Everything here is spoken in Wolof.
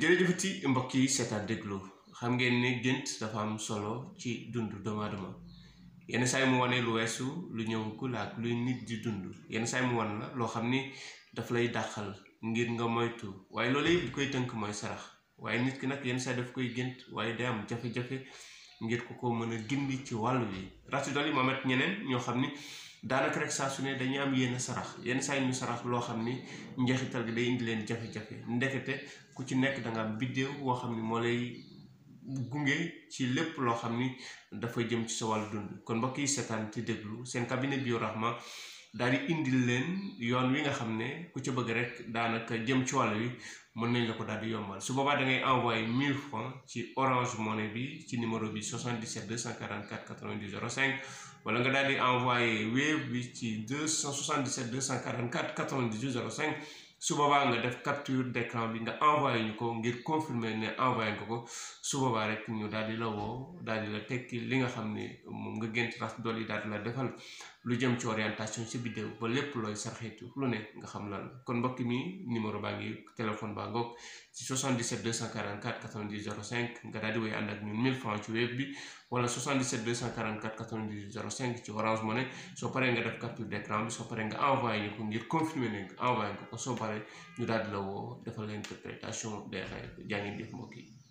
jërëjëfati mbokk yi seetaan déglu xam ngeen ne gént dafa am solo ci dund doomu aadama yenn saay mu wane lu weesu lu ñëwagul ak luy nit di dund yenn saay mu wan la loo xam ni daf lay dàqal ngir nga moytu waaye loolu yëpp koy tënk mooy sarax waaye nit ki nag yenn saay daf koy gënt waaye day am jafe-jafe ngir ku ko mën a gindi ci wàll wi ràcc dal yi ñeneen ñoo xam ni daanaka rek saa su ne dañuy am yenn sarax yenn saa ñu sarax loo xam ni njeexital gi day indi leen jafe-jafe ndekete ku ci nekk danga nga biddéew woo xam ni moo lay gunge ci lépp loo xam ni dafa jëm ci sa wàll dund kon mbokk yi seetaan te déglu seen cabinet Biorahma daal di indil leen yoon wi nga xam ne ku ci bëgg rek daanaka jëm ci wàll wi mën nañ la ko daal di yombal su boobaa da envoyé 1000 francs ci orange money bi ci numéro bi 77 244 90 05 wala nga daal di envoyé wave bi ci 277 244 90 05 su boobaa nga def capture d'écran bi nga envoyé ñu ko ngir confirmer ne envoyé nga ko su boobaa rek ñu daal di la woo daal di la tekki li nga xam ni moom nga gént ras dool yi daal di la defal. lu jëm ci orientation ci vidéo ba lépp looy sarxiitu lu ne nga xam lan kon mbokk mi numéro baa ngi téléphone baa ngoog ci 77 244 90 05 nga daal di woy ànd ak ñun 1000 francs ci web bi wala soo paree nga def capture d'écran bi soo paree nga envoyé ñu ko ngir confirmer ne envoyé ko soo paree ñu daal di la woo defal leen interprétation des rêves jaa ngeen jëf mbokk yi